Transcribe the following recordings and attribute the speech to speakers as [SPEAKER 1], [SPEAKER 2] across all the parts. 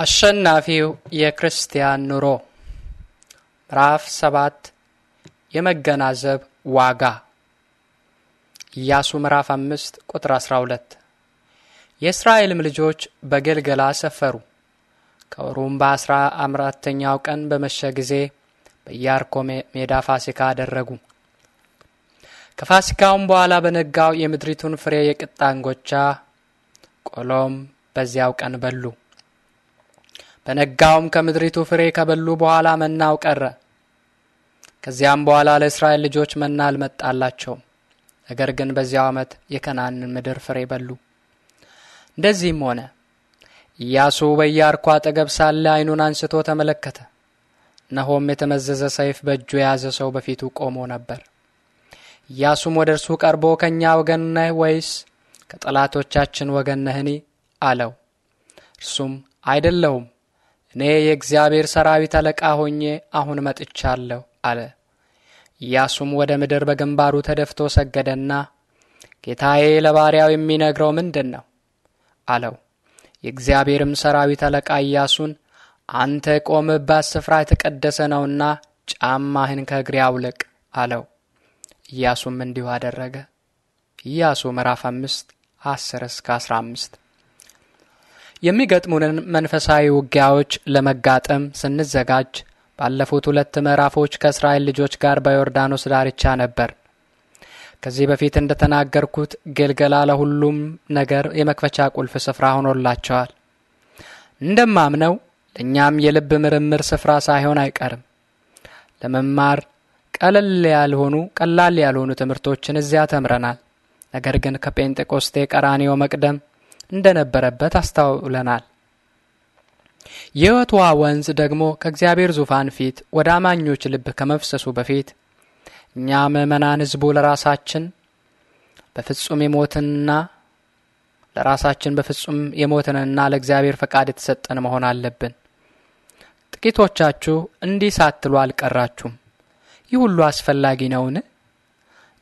[SPEAKER 1] አሸናፊው የክርስቲያን ኑሮ ምዕራፍ ሰባት የመገናዘብ ዋጋ ኢያሱ ምዕራፍ አምስት ቁጥር አስራ ሁለት የእስራኤልም ልጆች በገልገላ ሰፈሩ። ከወሩም በአስራ አምራተኛው ቀን በመሸ ጊዜ በኢያሪኮ ሜዳ ፋሲካ አደረጉ። ከፋሲካውም በኋላ በነጋው የምድሪቱን ፍሬ የቅጣ እንጎቻ፣ ቆሎም በዚያው ቀን በሉ። በነጋውም ከምድሪቱ ፍሬ ከበሉ በኋላ መናው ቀረ። ከዚያም በኋላ ለእስራኤል ልጆች መና አልመጣላቸውም። ነገር ግን በዚያው ዓመት የከናንን ምድር ፍሬ በሉ። እንደዚህም ሆነ። ኢያሱ በኢያሪኮ አጠገብ ሳለ ዓይኑን አንስቶ ተመለከተ። እነሆም የተመዘዘ ሰይፍ በእጁ የያዘ ሰው በፊቱ ቆሞ ነበር። ኢያሱም ወደ እርሱ ቀርቦ ከእኛ ወገን ነህ ወይስ ከጠላቶቻችን ወገን ነህኒ? አለው። እርሱም አይደለውም። እኔ የእግዚአብሔር ሰራዊት አለቃ ሆኜ አሁን መጥቻለሁ አለ። ኢያሱም ወደ ምድር በግንባሩ ተደፍቶ ሰገደና ጌታዬ ለባሪያው የሚነግረው ምንድን ነው አለው። የእግዚአብሔርም ሰራዊት አለቃ ኢያሱን አንተ ቆምባት ስፍራ የተቀደሰ ነውና ጫማህን ከእግሬ አውልቅ አለው። ኢያሱም እንዲሁ አደረገ። ኢያሱ ምዕራፍ አምስት አስር እስከ አስራ አምስት የሚገጥሙንን መንፈሳዊ ውጊያዎች ለመጋጠም ስንዘጋጅ ባለፉት ሁለት ምዕራፎች ከእስራኤል ልጆች ጋር በዮርዳኖስ ዳርቻ ነበር። ከዚህ በፊት እንደተናገርኩት ጌልገላ ለሁሉም ነገር የመክፈቻ ቁልፍ ስፍራ ሆኖላቸዋል። እንደማምነው ለእኛም የልብ ምርምር ስፍራ ሳይሆን አይቀርም። ለመማር ቀለል ያልሆኑ ቀላል ያልሆኑ ትምህርቶችን እዚያ ተምረናል። ነገር ግን ከጴንጤቆስቴ ቀራኒዮ መቅደም እንደነበረበት አስተውለናል። የሕይወት ወንዝ ደግሞ ከእግዚአብሔር ዙፋን ፊት ወደ አማኞች ልብ ከመፍሰሱ በፊት እኛ ምእመናን ሕዝቡ ለራሳችን በፍጹም የሞትንና ለራሳችን በፍጹም የሞትንና ለእግዚአብሔር ፈቃድ የተሰጠን መሆን አለብን። ጥቂቶቻችሁ እንዲህ ሳትሉ አልቀራችሁም። ይህ ሁሉ አስፈላጊ ነውን?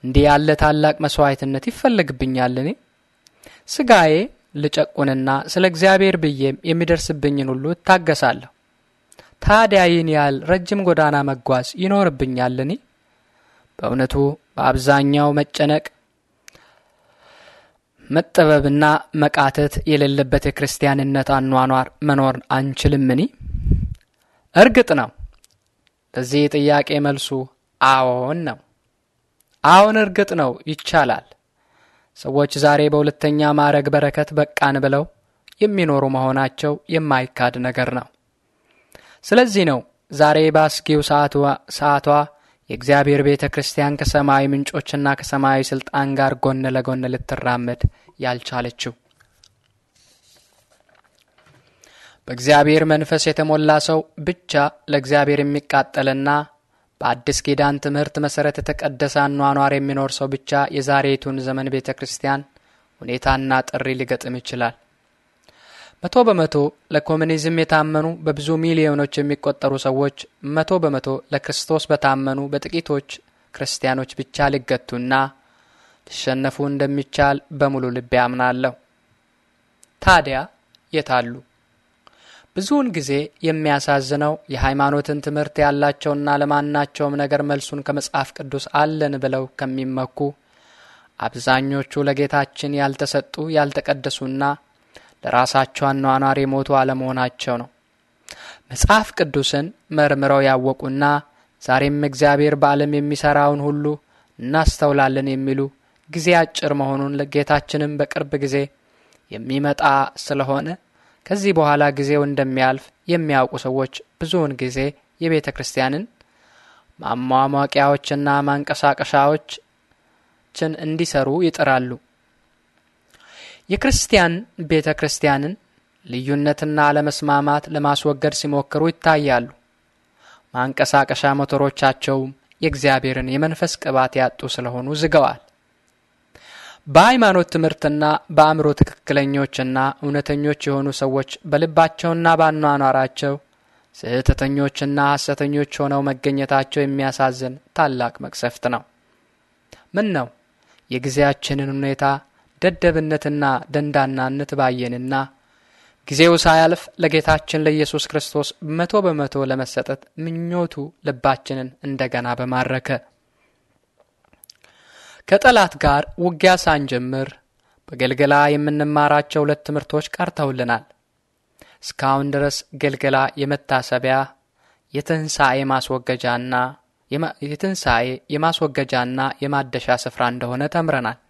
[SPEAKER 1] እንዲህ ያለ ታላቅ መስዋዕትነት ይፈለግብኛልን? ስጋዬ ልጨቁንና ስለ እግዚአብሔር ብዬም የሚደርስብኝን ሁሉ እታገሳለሁ። ታዲያ ይህን ያህል ረጅም ጎዳና መጓዝ ይኖርብኛልን? በእውነቱ በአብዛኛው መጨነቅ መጠበብና መቃተት የሌለበት የክርስቲያንነት አኗኗር መኖር አንችልምን? እርግጥ ነው። ለዚህ ጥያቄ መልሱ አዎን ነው። አዎን፣ እርግጥ ነው ይቻላል። ሰዎች ዛሬ በሁለተኛ ማዕረግ በረከት በቃን ብለው የሚኖሩ መሆናቸው የማይካድ ነገር ነው። ስለዚህ ነው ዛሬ በአስጊው ሰዓቷ የእግዚአብሔር ቤተ ክርስቲያን ከሰማያዊ ምንጮችና ከሰማያዊ ሥልጣን ጋር ጎን ለጎን ልትራመድ ያልቻለችው። በእግዚአብሔር መንፈስ የተሞላ ሰው ብቻ ለእግዚአብሔር የሚቃጠልና በአዲስ ኪዳን ትምህርት መሠረት የተቀደሰ አኗኗር የሚኖር ሰው ብቻ የዛሬቱን ዘመን ቤተ ክርስቲያን ሁኔታና ጥሪ ሊገጥም ይችላል። መቶ በመቶ ለኮሚኒዝም የታመኑ በብዙ ሚሊዮኖች የሚቆጠሩ ሰዎች መቶ በመቶ ለክርስቶስ በታመኑ በጥቂቶች ክርስቲያኖች ብቻ ሊገቱና ሊሸነፉ እንደሚቻል በሙሉ ልቤ አምናለሁ። ታዲያ የታሉ ብዙውን ጊዜ የሚያሳዝነው የሃይማኖትን ትምህርት ያላቸውና ለማናቸውም ነገር መልሱን ከመጽሐፍ ቅዱስ አለን ብለው ከሚመኩ አብዛኞቹ ለጌታችን ያልተሰጡ ያልተቀደሱና ለራሳቸው አኗኗር የሞቱ አለመሆናቸው ነው። መጽሐፍ ቅዱስን መርምረው ያወቁና ዛሬም እግዚአብሔር በዓለም የሚሠራውን ሁሉ እናስተውላለን የሚሉ ጊዜ አጭር መሆኑን ለጌታችንም በቅርብ ጊዜ የሚመጣ ስለሆነ ከዚህ በኋላ ጊዜው እንደሚያልፍ የሚያውቁ ሰዎች ብዙውን ጊዜ የቤተ ክርስቲያንን ማሟሟቂያዎችና ማንቀሳቀሻዎችን እንዲሰሩ ይጥራሉ። የክርስቲያን ቤተ ክርስቲያንን ልዩነትና አለመስማማት ለማስወገድ ሲሞክሩ ይታያሉ። ማንቀሳቀሻ ሞተሮቻቸውም የእግዚአብሔርን የመንፈስ ቅባት ያጡ ስለሆኑ ዝገዋል። በሃይማኖት ትምህርትና በአእምሮ ትክክለኞችና እውነተኞች የሆኑ ሰዎች በልባቸውና በአኗኗራቸው ስህተተኞችና ሐሰተኞች ሆነው መገኘታቸው የሚያሳዝን ታላቅ መቅሰፍት ነው። ምን ነው የጊዜያችንን ሁኔታ ደደብነትና ደንዳናነት ባየንና ጊዜው ሳያልፍ ለጌታችን ለኢየሱስ ክርስቶስ መቶ በመቶ ለመሰጠት ምኞቱ ልባችንን እንደገና በማረከ ከጠላት ጋር ውጊያ ሳንጀምር በገልገላ የምንማራቸው ሁለት ትምህርቶች ቀርተውልናል። እስካሁን ድረስ ገልገላ የመታሰቢያ የትንሣኤ ማስወገጃና የትንሣኤ የማስወገጃና የማደሻ ስፍራ እንደሆነ ተምረናል።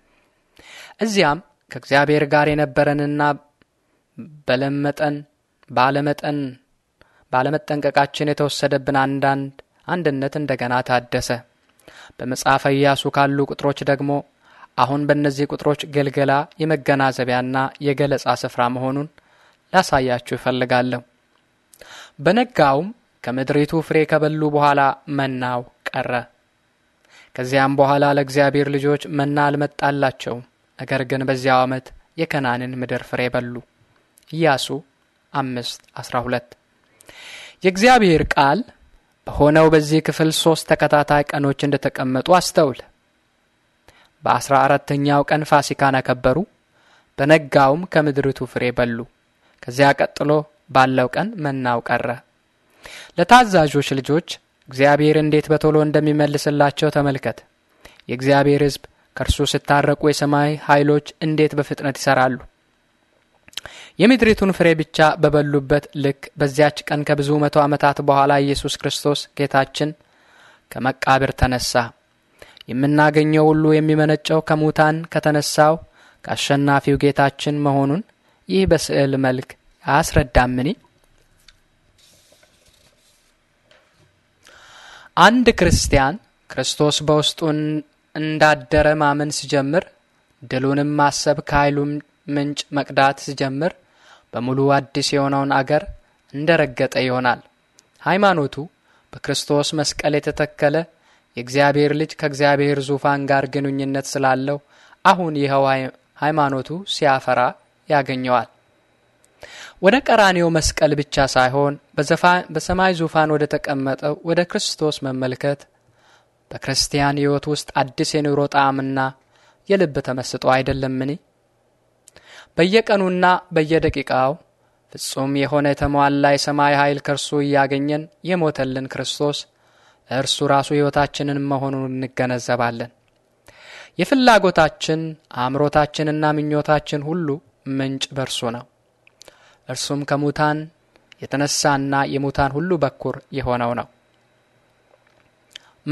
[SPEAKER 1] እዚያም ከእግዚአብሔር ጋር የነበረንና በለመጠን ባለመጠን ባለመጠንቀቃችን የተወሰደብን አንዳንድ አንድነት እንደገና ታደሰ። በመጽሐፈ ኢያሱ ካሉ ቁጥሮች ደግሞ አሁን በእነዚህ ቁጥሮች ገልገላ የመገናዘቢያና የገለጻ ስፍራ መሆኑን ላሳያችሁ ይፈልጋለሁ። በነጋውም ከምድሪቱ ፍሬ ከበሉ በኋላ መናው ቀረ። ከዚያም በኋላ ለእግዚአብሔር ልጆች መና አልመጣላቸውም። ነገር ግን በዚያው ዓመት የከናንን ምድር ፍሬ በሉ። ኢያሱ አምስት አስራ ሁለት የእግዚአብሔር ቃል ሆነው በዚህ ክፍል ሶስት ተከታታይ ቀኖች እንደተቀመጡ አስተውል። በአስራ አራተኛው ቀን ፋሲካን አከበሩ፣ በነጋውም ከምድሪቱ ፍሬ በሉ። ከዚያ ቀጥሎ ባለው ቀን መናው ቀረ። ለታዛዦች ልጆች እግዚአብሔር እንዴት በቶሎ እንደሚመልስላቸው ተመልከት። የእግዚአብሔር ሕዝብ ከእርሱ ሲታረቁ የሰማይ ኃይሎች እንዴት በፍጥነት ይሠራሉ። የምድሪቱን ፍሬ ብቻ በበሉበት ልክ በዚያች ቀን ከብዙ መቶ ዓመታት በኋላ ኢየሱስ ክርስቶስ ጌታችን ከመቃብር ተነሳ። የምናገኘው ሁሉ የሚመነጨው ከሙታን ከተነሳው ከአሸናፊው ጌታችን መሆኑን ይህ በስዕል መልክ አያስረዳምን? አንድ ክርስቲያን ክርስቶስ በውስጡ እንዳደረ ማመን ሲጀምር፣ ድሉንም ማሰብ፣ ከኃይሉም ምንጭ መቅዳት ሲጀምር በሙሉ አዲስ የሆነውን አገር እንደ ረገጠ ይሆናል። ሃይማኖቱ በክርስቶስ መስቀል የተተከለ የእግዚአብሔር ልጅ ከእግዚአብሔር ዙፋን ጋር ግንኙነት ስላለው አሁን ይኸው ሃይማኖቱ ሲያፈራ ያገኘዋል። ወደ ቀራኔው መስቀል ብቻ ሳይሆን በሰማይ ዙፋን ወደ ተቀመጠው ወደ ክርስቶስ መመልከት በክርስቲያን ሕይወት ውስጥ አዲስ የኑሮ ጣዕምና የልብ ተመስጦ አይደለምን? በየቀኑና በየደቂቃው ፍጹም የሆነ የተሟላ የሰማይ ኃይል ከእርሱ እያገኘን የሞተልን ክርስቶስ እርሱ ራሱ ሕይወታችንን መሆኑን እንገነዘባለን። የፍላጎታችን አእምሮታችንና ምኞታችን ሁሉ ምንጭ በርሱ ነው። እርሱም ከሙታን የተነሳና የሙታን ሁሉ በኩር የሆነው ነው።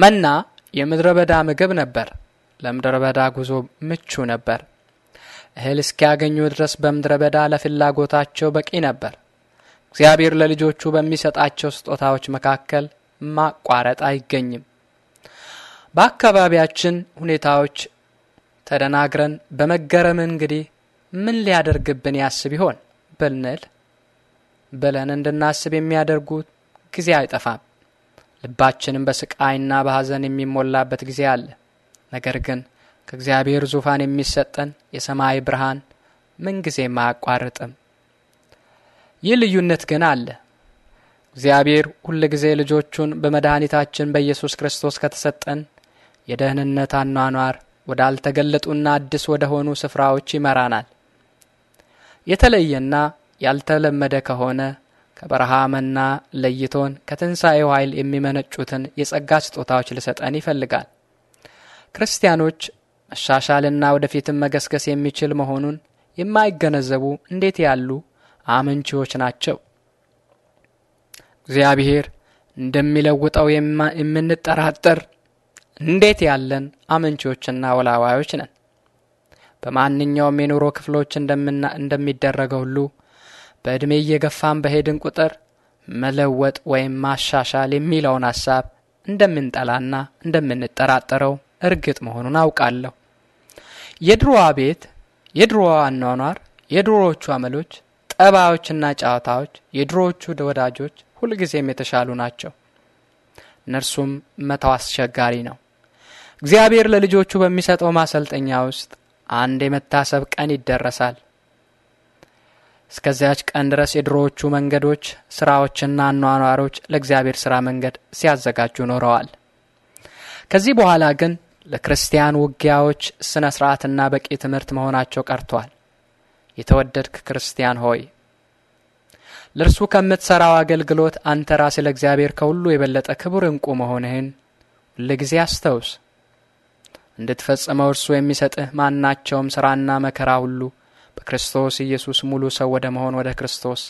[SPEAKER 1] መና የምድረ በዳ ምግብ ነበር። ለምድረ በዳ ጉዞ ምቹ ነበር። እህል እስኪያገኙ ድረስ በምድረ በዳ ለፍላጎታቸው በቂ ነበር። እግዚአብሔር ለልጆቹ በሚሰጣቸው ስጦታዎች መካከል ማቋረጥ አይገኝም። በአካባቢያችን ሁኔታዎች ተደናግረን በመገረም እንግዲህ ምን ሊያደርግብን ያስብ ይሆን ብንል ብለን እንድናስብ የሚያደርጉት ጊዜ አይጠፋም። ልባችንም በስቃይና በሐዘን የሚሞላበት ጊዜ አለ። ነገር ግን ከእግዚአብሔር ዙፋን የሚሰጠን የሰማይ ብርሃን ምንጊዜም አያቋርጥም። ይህ ልዩነት ግን አለ። እግዚአብሔር ሁል ጊዜ ልጆቹን በመድኃኒታችን በኢየሱስ ክርስቶስ ከተሰጠን የደህንነት አኗኗር ወዳልተገለጡና አዲስ ወደ ሆኑ ስፍራዎች ይመራናል። የተለየና ያልተለመደ ከሆነ ከበረሃ መና ለይቶን ከትንሣኤው ኃይል የሚመነጩትን የጸጋ ስጦታዎች ሊሰጠን ይፈልጋል። ክርስቲያኖች መሻሻልና ወደፊትም መገስገስ የሚችል መሆኑን የማይገነዘቡ እንዴት ያሉ አመንቺዎች ናቸው? እግዚአብሔር እንደሚለውጠው የምንጠራጠር እንዴት ያለን አመንቺዎችና ወላዋዮች ነን? በማንኛውም የኑሮ ክፍሎች እንደሚደረገው ሁሉ በዕድሜ እየገፋን በሄድን ቁጥር መለወጥ ወይም ማሻሻል የሚለውን ሐሳብ እንደምንጠላና እንደምንጠራጠረው እርግጥ መሆኑን አውቃለሁ። የድሮዋ ቤት፣ የድሮዋ አኗኗር፣ የድሮዎቹ አመሎች፣ ጠባዮችና ጨዋታዎች የድሮዎቹ ወዳጆች ሁልጊዜም የተሻሉ ናቸው። እነርሱም መተው አስቸጋሪ ነው። እግዚአብሔር ለልጆቹ በሚሰጠው ማሰልጠኛ ውስጥ አንድ የመታሰብ ቀን ይደረሳል። እስከዚያች ቀን ድረስ የድሮዎቹ መንገዶች፣ ስራዎችና አኗኗሮች ለእግዚአብሔር ስራ መንገድ ሲያዘጋጁ ኖረዋል። ከዚህ በኋላ ግን ለክርስቲያን ውጊያዎች ስነ ስርዓትና በቂ ትምህርት መሆናቸው ቀርቷል። የተወደድክ ክርስቲያን ሆይ ለእርሱ ከምትሠራው አገልግሎት አንተ ራሴ ለእግዚአብሔር ከሁሉ የበለጠ ክቡር ዕንቁ መሆንህን ሁልጊዜ አስተውስ። እንድትፈጽመው እርሱ የሚሰጥህ ማናቸውም ሥራና መከራ ሁሉ በክርስቶስ ኢየሱስ ሙሉ ሰው ወደ መሆን ወደ ክርስቶስ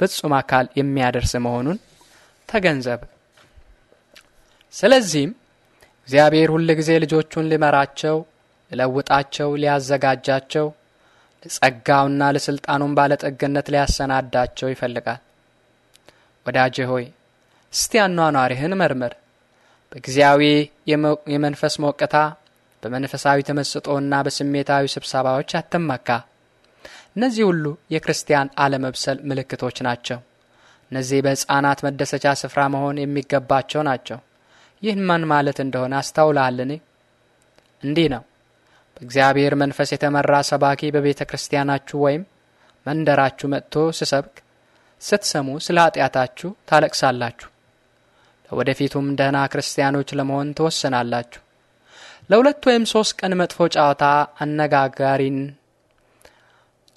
[SPEAKER 1] ፍጹም አካል የሚያደርስ መሆኑን ተገንዘብ። ስለዚህም እግዚአብሔር ሁል ጊዜ ልጆቹን ሊመራቸው፣ ሊለውጣቸው፣ ሊያዘጋጃቸው ለጸጋውና ባለ ባለጠግነት ሊያሰናዳቸው ይፈልጋል። ወዳጄ ሆይ እስቲ አኗኗሪህን መርምር። በጊዜያዊ የመንፈስ ሞቅታ፣ በመንፈሳዊ ተመስጦና በስሜታዊ ስብሰባዎች አትመካ። እነዚህ ሁሉ የክርስቲያን አለመብሰል ምልክቶች ናቸው። እነዚህ በሕፃናት መደሰቻ ስፍራ መሆን የሚገባቸው ናቸው። ይህን ማን ማለት እንደሆነ አስተውላልን እንዲህ ነው። በእግዚአብሔር መንፈስ የተመራ ሰባኪ በቤተ ክርስቲያናችሁ ወይም መንደራችሁ መጥቶ ስሰብክ ስትሰሙ ስለ ኃጢአታችሁ ታለቅሳላችሁ። ለወደፊቱም ደህና ክርስቲያኖች ለመሆን ትወሰናላችሁ። ለሁለት ወይም ሶስት ቀን መጥፎ ጨዋታ አነጋጋሪን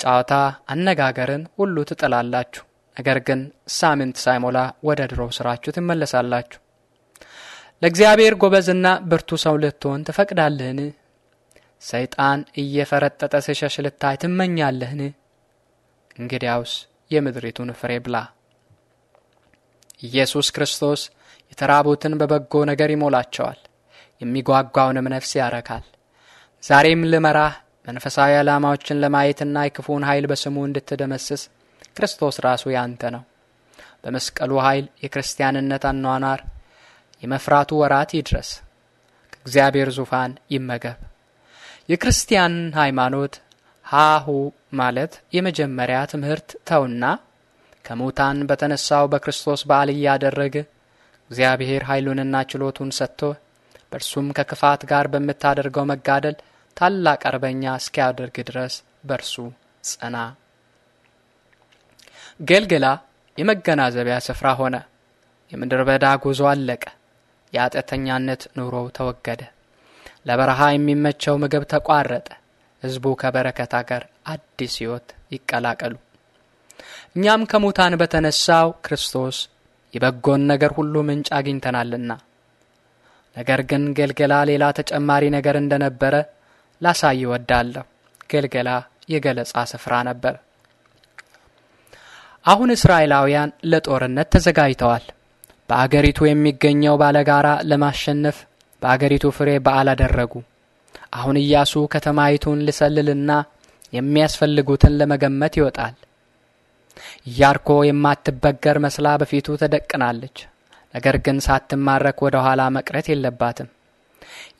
[SPEAKER 1] ጨዋታ አነጋገርን ሁሉ ትጥላላችሁ። ነገር ግን ሳምንት ሳይሞላ ወደ ድሮው ስራችሁ ትመለሳላችሁ። ለእግዚአብሔር ጎበዝና ብርቱ ሰው ልትሆን ትፈቅዳለህን? ሰይጣን እየፈረጠጠ ስሸሽ ልታይ ትመኛለህን? እንግዲያውስ የምድሪቱን ፍሬ ብላ። ኢየሱስ ክርስቶስ የተራቡትን በበጎ ነገር ይሞላቸዋል፣ የሚጓጓውንም ነፍስ ያረካል። ዛሬም ልመራህ መንፈሳዊ ዓላማዎችን ለማየትና የክፉን ኃይል በስሙ እንድትደመስስ ክርስቶስ ራሱ ያንተ ነው። በመስቀሉ ኃይል የክርስቲያንነት አኗኗር የመፍራቱ ወራት ይድረስ። ከእግዚአብሔር ዙፋን ይመገብ። የክርስቲያን ሃይማኖት ሃሁ ማለት የመጀመሪያ ትምህርት ተውና ከሙታን በተነሳው በክርስቶስ በዓል እያደረግ እግዚአብሔር ኃይሉንና ችሎቱን ሰጥቶ በእርሱም ከክፋት ጋር በምታደርገው መጋደል ታላቅ አርበኛ እስኪያደርግ ድረስ በእርሱ ጽና። ገልገላ የመገናዘቢያ ስፍራ ሆነ። የምድር በዳ ጉዞ አለቀ። የኃጢአተኛነት ኑሮው ተወገደ። ለበረሃ የሚመቸው ምግብ ተቋረጠ። ሕዝቡ ከበረከታ ጋር አዲስ ሕይወት ይቀላቀሉ። እኛም ከሙታን በተነሳው ክርስቶስ የበጎን ነገር ሁሉ ምንጭ አግኝተናልና። ነገር ግን ገልገላ ሌላ ተጨማሪ ነገር እንደነበረ ላሳይ እወዳለሁ። ገልገላ የገለጻ ስፍራ ነበር። አሁን እስራኤላውያን ለጦርነት ተዘጋጅተዋል። በአገሪቱ የሚገኘው ባለጋራ ለማሸነፍ በአገሪቱ ፍሬ በዓል አደረጉ። አሁን ኢያሱ ከተማይቱን ሊሰልልና የሚያስፈልጉትን ለመገመት ይወጣል። ኢያሪኮ የማትበገር መስላ በፊቱ ተደቅናለች። ነገር ግን ሳትማረክ ወደ ኋላ መቅረት የለባትም።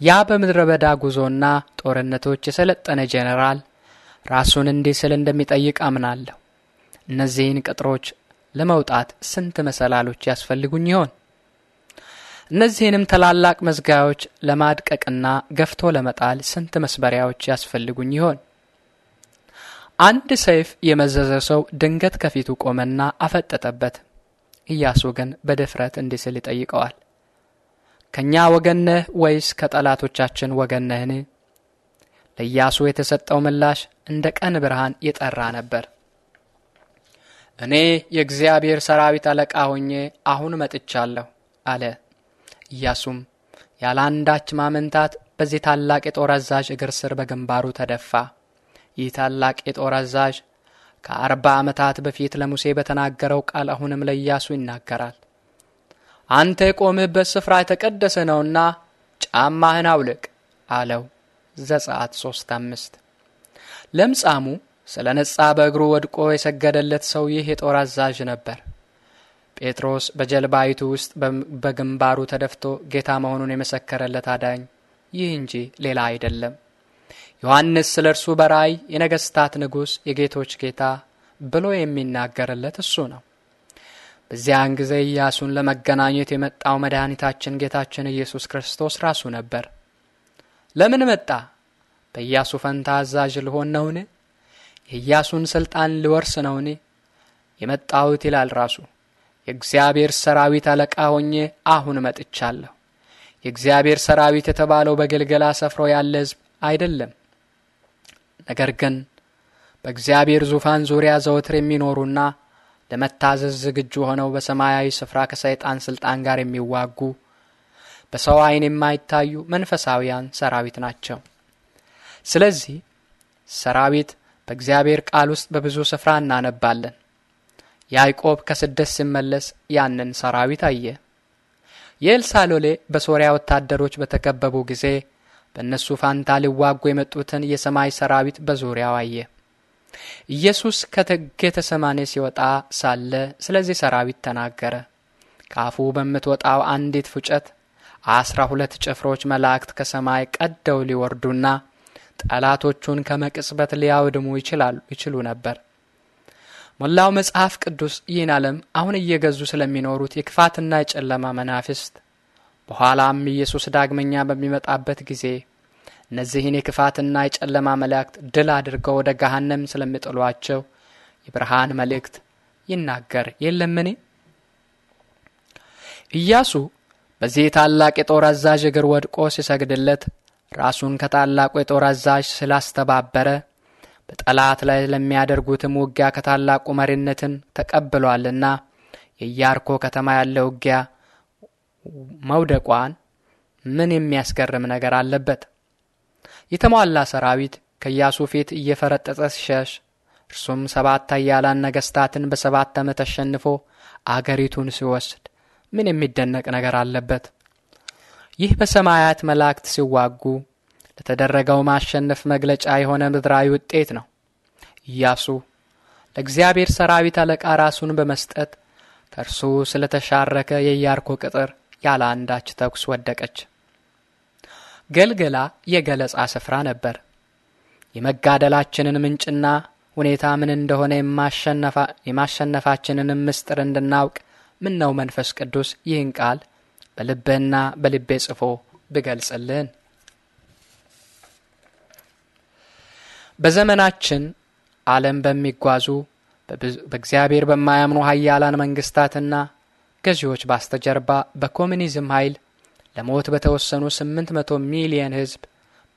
[SPEAKER 1] ያ በምድረ በዳ ጉዞና ጦርነቶች የሰለጠነ ጄኔራል ራሱን እንዲህ ስል እንደሚጠይቅ አምናለሁ። እነዚህን ቅጥሮች ለመውጣት ስንት መሰላሎች ያስፈልጉኝ ይሆን? እነዚህንም ታላላቅ መዝጋዮች ለማድቀቅና ገፍቶ ለመጣል ስንት መስበሪያዎች ያስፈልጉኝ ይሆን? አንድ ሰይፍ የመዘዘ ሰው ድንገት ከፊቱ ቆመና አፈጠጠበት። እያሱ ግን በድፍረት እንዲህ ስል ይጠይቀዋል። ከእኛ ወገን ነህ ወይስ ከጠላቶቻችን ወገን ነህን? ለኢያሱ የተሰጠው ምላሽ እንደ ቀን ብርሃን የጠራ ነበር። እኔ የእግዚአብሔር ሰራዊት አለቃ ሆኜ አሁን መጥቻለሁ አለ። ኢያሱም ያለ አንዳች ማመንታት በዚህ ታላቅ የጦር አዛዥ እግር ስር በግንባሩ ተደፋ። ይህ ታላቅ የጦር አዛዥ ከአርባ ዓመታት በፊት ለሙሴ በተናገረው ቃል አሁንም ለኢያሱ ይናገራል። አንተ የቆምህበት ስፍራ የተቀደሰ ነውና ጫማህን አውልቅ አለው። ዘጸአት ሶስት አምስት ለምጻሙ ስለ ነጻ በእግሩ ወድቆ የሰገደለት ሰው ይህ የጦር አዛዥ ነበር። ጴጥሮስ በጀልባይቱ ውስጥ በግንባሩ ተደፍቶ ጌታ መሆኑን የመሰከረለት አዳኝ ይህ እንጂ ሌላ አይደለም። ዮሐንስ ስለ እርሱ በራእይ የነገሥታት ንጉሥ፣ የጌቶች ጌታ ብሎ የሚናገርለት እሱ ነው። በዚያን ጊዜ ኢያሱን ለመገናኘት የመጣው መድኃኒታችን ጌታችን ኢየሱስ ክርስቶስ ራሱ ነበር። ለምን መጣ? በኢያሱ ፈንታ አዛዥ ልሆን ነውን? የኢያሱን ስልጣን ልወርስ ነውን የመጣሁት ይላል ራሱ። የእግዚአብሔር ሰራዊት አለቃ ሆኜ አሁን መጥቻለሁ። የእግዚአብሔር ሰራዊት የተባለው በገልገላ ሰፍሮ ያለ ሕዝብ አይደለም። ነገር ግን በእግዚአብሔር ዙፋን ዙሪያ ዘወትር የሚኖሩና ለመታዘዝ ዝግጁ ሆነው በሰማያዊ ስፍራ ከሰይጣን ስልጣን ጋር የሚዋጉ በሰው ዓይን የማይታዩ መንፈሳዊያን ሰራዊት ናቸው። ስለዚህ ሰራዊት በእግዚአብሔር ቃል ውስጥ በብዙ ስፍራ እናነባለን። ያዕቆብ ከስደት ሲመለስ ያንን ሰራዊት አየ። የኤልሳሎሌ በሶርያ ወታደሮች በተከበቡ ጊዜ በእነሱ ፋንታ ሊዋጉ የመጡትን የሰማይ ሰራዊት በዙሪያው አየ። ኢየሱስ ከጌቴሰማኔ ሲወጣ ሳለ ስለዚህ ሰራዊት ተናገረ። ከአፉ በምትወጣው አንዲት ፉጨት አስራ ሁለት ጭፍሮች መላእክት ከሰማይ ቀደው ሊወርዱና ጠላቶቹን ከመቅጽበት ሊያወድሙ ይችላሉ ይችሉ ነበር። ሞላው መጽሐፍ ቅዱስ ይህን ዓለም አሁን እየገዙ ስለሚኖሩት የክፋትና የጨለማ መናፍስት በኋላም ኢየሱስ ዳግመኛ በሚመጣበት ጊዜ እነዚህን የክፋትና የጨለማ መላእክት ድል አድርገው ወደ ገሃነም ስለሚጥሏቸው የብርሃን መልእክት ይናገር የለምን? ኢያሱ በዚህ ታላቅ የጦር አዛዥ እግር ወድቆ ሲሰግድለት ራሱን ከታላቁ የጦር አዛዥ ስላስተባበረ በጠላት ላይ ለሚያደርጉትም ውጊያ ከታላቁ መሪነትን ተቀብሏልና የኢያሪኮ ከተማ ያለ ውጊያ መውደቋን ምን የሚያስገርም ነገር አለበት? የተሟላ ሰራዊት ከኢያሱ ፊት እየፈረጠጠ ሲሸሽ እርሱም ሰባት አያላን ነገሥታትን በሰባት ዓመት አሸንፎ አገሪቱን ሲወስድ ምን የሚደነቅ ነገር አለበት? ይህ በሰማያት መላእክት ሲዋጉ ለተደረገው ማሸነፍ መግለጫ የሆነ ምድራዊ ውጤት ነው። ኢያሱ ለእግዚአብሔር ሰራዊት አለቃ ራሱን በመስጠት ከእርሱ ስለተሻረከ የኢያርኮ ቅጥር ያለ አንዳች ተኩስ ወደቀች። ገልገላ የገለጻ ስፍራ ነበር። የመጋደላችንን ምንጭና ሁኔታ ምን እንደሆነ የማሸነፋችንንም ምስጢር እንድናውቅ ነው መንፈስ ቅዱስ ይህን ቃል በልብህና በልቤ ጽፎ ብገልጽልን። በዘመናችን ዓለም በሚጓዙ በእግዚአብሔር በማያምኑ ሀያላን መንግስታትና ገዢዎች ባስተጀርባ በኮሚኒዝም ኃይል ለሞት በተወሰኑ 800 ሚሊየን ህዝብ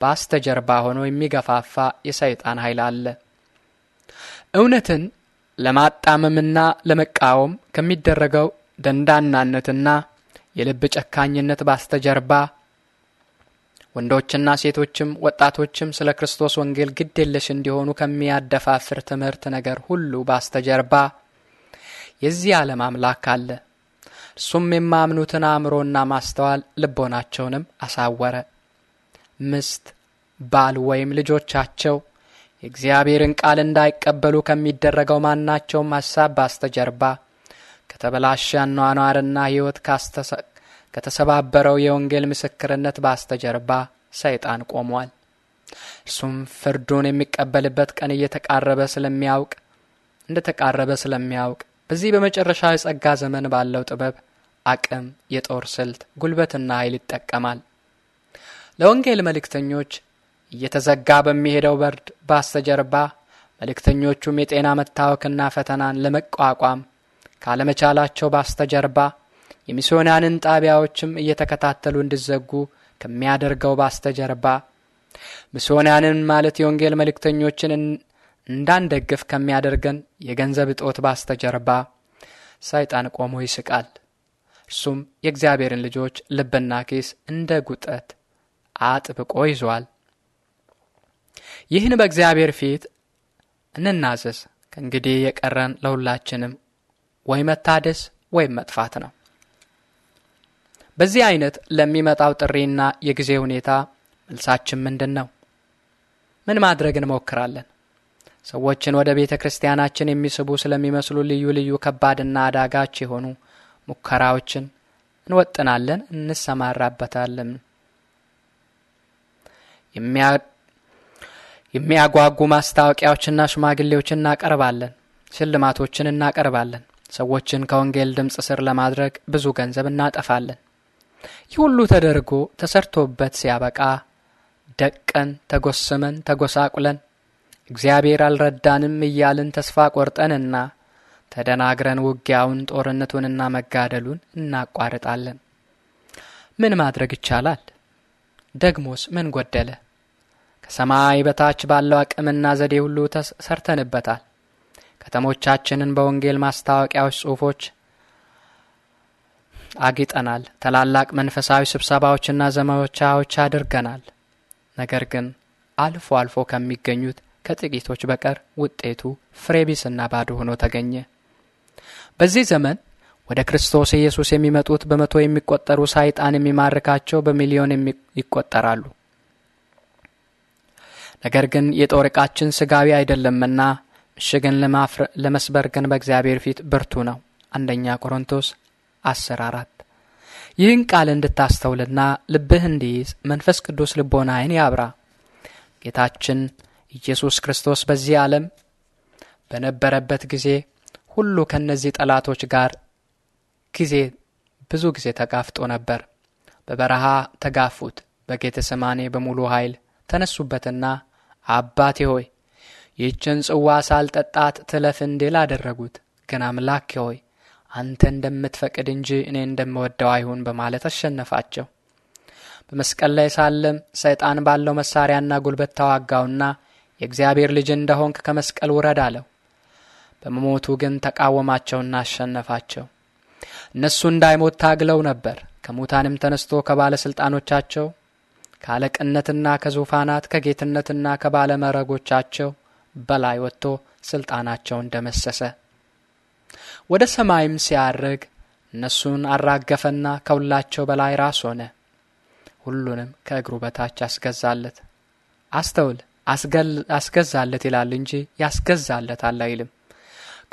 [SPEAKER 1] ባስተጀርባ ሆኖ የሚገፋፋ የሰይጣን ኃይል አለ። እውነትን ለማጣመምና ለመቃወም ከሚደረገው ደንዳናነትና የልብ ጨካኝነት ባስተጀርባ ወንዶችና ሴቶችም ወጣቶችም ስለ ክርስቶስ ወንጌል ግድ የለሽ እንዲሆኑ ከሚያደፋፍር ትምህርት ነገር ሁሉ ባስተጀርባ የዚህ ዓለም አምላክ አለ። እርሱም የማያምኑትን አእምሮና ማስተዋል ልቦናቸውንም አሳወረ። ምስት ባል ወይም ልጆቻቸው የእግዚአብሔርን ቃል እንዳይቀበሉ ከሚደረገው ማናቸውም ሐሳብ ባስተጀርባ ከተበላሸ አኗኗርና ሕይወት ከተሰባበረው የወንጌል ምስክርነት ባስተጀርባ ሰይጣን ቆሟል። እርሱም ፍርዱን የሚቀበልበት ቀን እየተቃረበ ስለሚያውቅ እንደ ተቃረበ ስለሚያውቅ በዚህ በመጨረሻ የጸጋ ዘመን ባለው ጥበብ፣ አቅም፣ የጦር ስልት፣ ጉልበትና ኃይል ይጠቀማል። ለወንጌል መልእክተኞች እየተዘጋ በሚሄደው በርድ ባስተጀርባ መልእክተኞቹም የጤና መታወክና ፈተናን ለመቋቋም ካለመቻላቸው ባስተጀርባ የሚስዮናንን ጣቢያዎችም እየተከታተሉ እንዲዘጉ ከሚያደርገው ባስተጀርባ ምስዮናንን ማለት የወንጌል መልእክተኞችን እንዳንደግፍ ከሚያደርገን የገንዘብ እጦት ባስተጀርባ ሰይጣን ቆሞ ይስቃል። እርሱም የእግዚአብሔርን ልጆች ልብና ኪስ እንደ ጉጠት አጥብቆ ይዟል። ይህን በእግዚአብሔር ፊት እንናዘዝ። ከእንግዲህ የቀረን ለሁላችንም ወይ መታደስ ወይም መጥፋት ነው። በዚህ አይነት ለሚመጣው ጥሪና የጊዜ ሁኔታ መልሳችን ምንድን ነው? ምን ማድረግ እንሞክራለን? ሰዎችን ወደ ቤተ ክርስቲያናችን የሚስቡ ስለሚመስሉ ልዩ ልዩ ከባድና አዳጋች የሆኑ ሙከራዎችን እንወጥናለን፣ እንሰማራበታለን። የሚያጓጉ ማስታወቂያዎችና ሽማግሌዎችን እናቀርባለን፣ ሽልማቶችን እናቀርባለን። ሰዎችን ከወንጌል ድምፅ ስር ለማድረግ ብዙ ገንዘብ እናጠፋለን። ይህ ሁሉ ተደርጎ ተሰርቶበት ሲያበቃ ደቀን ተጎስመን ተጎሳቁለን እግዚአብሔር አልረዳንም እያልን ተስፋ ቆርጠንና ተደናግረን ውጊያውን ጦርነቱንና መጋደሉን እናቋርጣለን። ምን ማድረግ ይቻላል? ደግሞስ ምን ጎደለ? ከሰማይ በታች ባለው አቅምና ዘዴ ሁሉ ተሰርተንበታል። ከተሞቻችንን በወንጌል ማስታወቂያዎች ጽሑፎች አጊጠናል። ታላላቅ መንፈሳዊ ስብሰባዎችና ዘመቻዎች አድርገናል። ነገር ግን አልፎ አልፎ ከሚገኙት ከጥቂቶች በቀር ውጤቱ ፍሬቢስና ባዶ ሆኖ ተገኘ። በዚህ ዘመን ወደ ክርስቶስ ኢየሱስ የሚመጡት በመቶ የሚቆጠሩ ሰይጣን የሚማርካቸው በሚሊዮን ይቆጠራሉ። ነገር ግን የጦር ዕቃችን አይደለምና ምሽግን ለመስበር ግን በእግዚአብሔር ፊት ብርቱ ነው። አንደኛ ቆሮንቶስ 14 ይህን ቃል እንድታስተውልና ልብህ እንዲይዝ መንፈስ ቅዱስ ልቦናህን ያብራ። ጌታችን ኢየሱስ ክርስቶስ በዚህ ዓለም በነበረበት ጊዜ ሁሉ ከእነዚህ ጠላቶች ጋር ጊዜ ብዙ ጊዜ ተጋፍጦ ነበር። በበረሃ ተጋፉት፣ በጌተሰማኔ በሙሉ ኃይል ተነሱበትና አባቴ ሆይ ይህችን ጽዋ ሳልጠጣት ትለፍ እንድል አደረጉት። ግን አምላኬ ሆይ አንተ እንደምትፈቅድ እንጂ እኔ እንደምወደው አይሁን በማለት አሸነፋቸው። በመስቀል ላይ ሳለም ሰይጣን ባለው መሳሪያና ጉልበት ተዋጋውና የእግዚአብሔር ልጅ እንደሆንክ ከመስቀል ውረድ አለው። በመሞቱ ግን ተቃወማቸውና አሸነፋቸው። እነሱ እንዳይሞት ታግለው ነበር። ከሙታንም ተነስቶ ከባለሥልጣኖቻቸው ከአለቅነትና ከዙፋናት ከጌትነትና ከባለመረጎቻቸው በላይ ወጥቶ ስልጣናቸውን ደመሰሰ። ወደ ሰማይም ሲያርግ እነሱን አራገፈና ከሁላቸው በላይ ራስ ሆነ። ሁሉንም ከእግሩ በታች አስገዛለት። አስተውል፣ አስገዛለት ይላል እንጂ ያስገዛለት አይልም።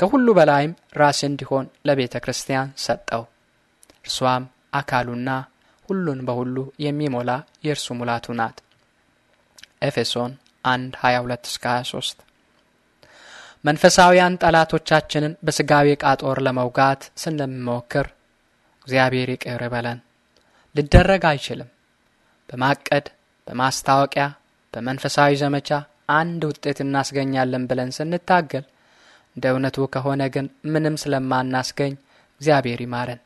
[SPEAKER 1] ከሁሉ በላይም ራስ እንዲሆን ለቤተ ክርስቲያን ሰጠው። እርሷም አካሉና ሁሉን በሁሉ የሚሞላ የእርሱ ሙላቱ ናት። ኤፌሶን 1 22 እስከ 23 መንፈሳውያን ጠላቶቻችንን በስጋዊ ዕቃ ጦር ለመውጋት ስንሞክር እግዚአብሔር ይቅር በለን። ሊደረግ አይችልም። በማቀድ በማስታወቂያ፣ በመንፈሳዊ ዘመቻ አንድ ውጤት እናስገኛለን ብለን ስንታገል እንደ እውነቱ ከሆነ ግን ምንም ስለማናስገኝ እግዚአብሔር ይማረን።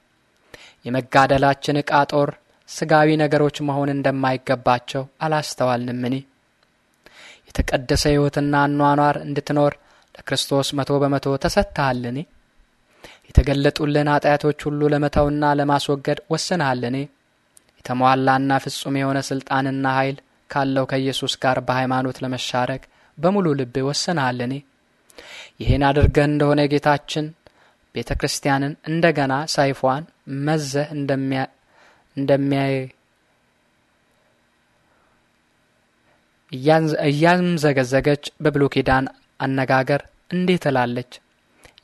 [SPEAKER 1] የመጋደላችን ዕቃ ጦር ስጋዊ ነገሮች መሆን እንደማይገባቸው አላስተዋልንም። እኔ የተቀደሰ ሕይወትና አኗኗር እንድትኖር ለክርስቶስ መቶ በመቶ ተሰጥተሃልን? የተገለጡልን ኃጢአቶች ሁሉ ለመተውና ለማስወገድ ወስነሃልን? የተሟላና ፍጹም የሆነ ሥልጣንና ኃይል ካለው ከኢየሱስ ጋር በሃይማኖት ለመሻረግ በሙሉ ልብ ወስነሃልን? ይህን አድርገህ እንደሆነ ጌታችን ቤተ ክርስቲያንን እንደገና ሰይፏን መዘህ እንደሚያይ እያምዘገዘገች በብሉይ ኪዳን አነጋገር እንዲህ ትላለች፣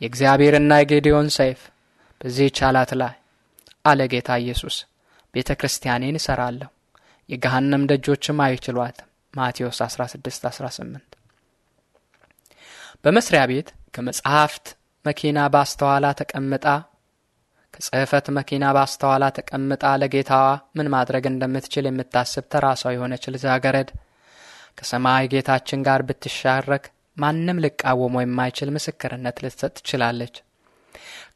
[SPEAKER 1] የእግዚአብሔርና የጌዴዮን ሰይፍ በዚህች አላት ላይ አለ ጌታ ኢየሱስ፣ ቤተ ክርስቲያኔን እሰራለሁ፣ የገሃነም ደጆችም አይችሏትም። ማቴዎስ 16:18 በመስሪያ ቤት ከመጽሐፍት መኪና ባስተኋላ ተቀምጣ ከጽሕፈት መኪና ባስተኋላ ተቀምጣ ለጌታዋ ምን ማድረግ እንደምትችል የምታስብ ተራሷ የሆነች ልጃገረድ ከሰማይ ጌታችን ጋር ብትሻረክ ማንም ሊቃወሞ የማይችል ምስክርነት ልትሰጥ ትችላለች።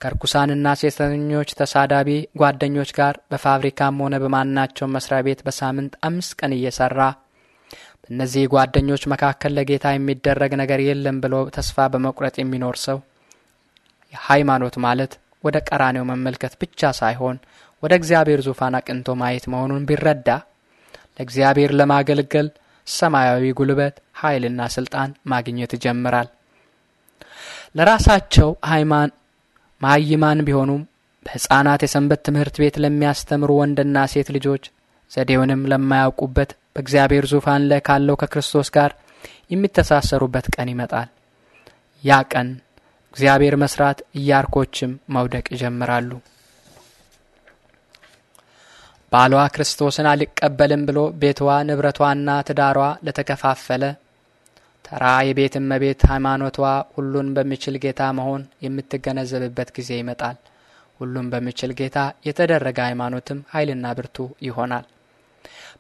[SPEAKER 1] ከርኩሳንና ሴሰኞች ተሳዳቢ ጓደኞች ጋር በፋብሪካም ሆነ በማናቸው መስሪያ ቤት በሳምንት አምስት ቀን እየሰራ በእነዚህ ጓደኞች መካከል ለጌታ የሚደረግ ነገር የለም ብሎ ተስፋ በመቁረጥ የሚኖር ሰው የሃይማኖት ማለት ወደ ቀራኔው መመልከት ብቻ ሳይሆን ወደ እግዚአብሔር ዙፋን አቅንቶ ማየት መሆኑን ቢረዳ ለእግዚአብሔር ለማገልገል ሰማያዊ ጉልበት፣ ኃይልና ስልጣን ማግኘት ይጀምራል። ለራሳቸው ሃይማን ማይማን ቢሆኑም በሕፃናት የሰንበት ትምህርት ቤት ለሚያስተምሩ ወንድና ሴት ልጆች ዘዴውንም ለማያውቁበት በእግዚአብሔር ዙፋን ላይ ካለው ከክርስቶስ ጋር የሚተሳሰሩበት ቀን ይመጣል። ያ ቀን እግዚአብሔር መስራት፣ እያርኮችም መውደቅ ይጀምራሉ። ባሏ ክርስቶስን አልቀበልም ብሎ ቤትዋ ንብረቷና ትዳሯ ለተከፋፈለ ተራ የቤት እመቤት ሃይማኖቷ ሁሉን በሚችል ጌታ መሆን የምትገነዘብበት ጊዜ ይመጣል። ሁሉን በሚችል ጌታ የተደረገ ሃይማኖትም ኃይልና ብርቱ ይሆናል።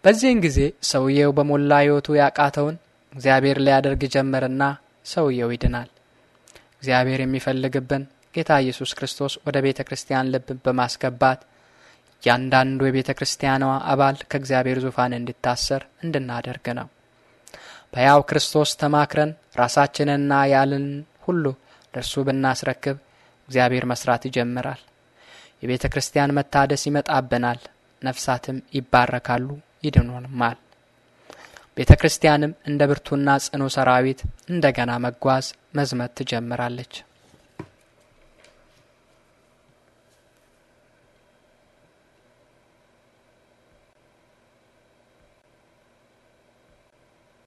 [SPEAKER 1] በዚህን ጊዜ ሰውየው በሞላ ሕይወቱ ያቃተውን እግዚአብሔር ሊያደርግ ጀመርና ሰውየው ይድናል። እግዚአብሔር የሚፈልግብን ጌታ ኢየሱስ ክርስቶስ ወደ ቤተ ክርስቲያን ልብ በማስገባት እያንዳንዱ የቤተ ክርስቲያኗ አባል ከእግዚአብሔር ዙፋን እንዲታሰር እንድናደርግ ነው። በያው ክርስቶስ ተማክረን ራሳችንና ያልን ሁሉ ለእርሱ ብናስረክብ እግዚአብሔር መስራት ይጀምራል። የቤተ ክርስቲያን መታደስ ይመጣብናል። ነፍሳትም ይባረካሉ፣ ይድኖንማል። ቤተ ክርስቲያንም እንደ ብርቱና ጽኑ ሰራዊት እንደገና መጓዝ መዝመት ትጀምራለች።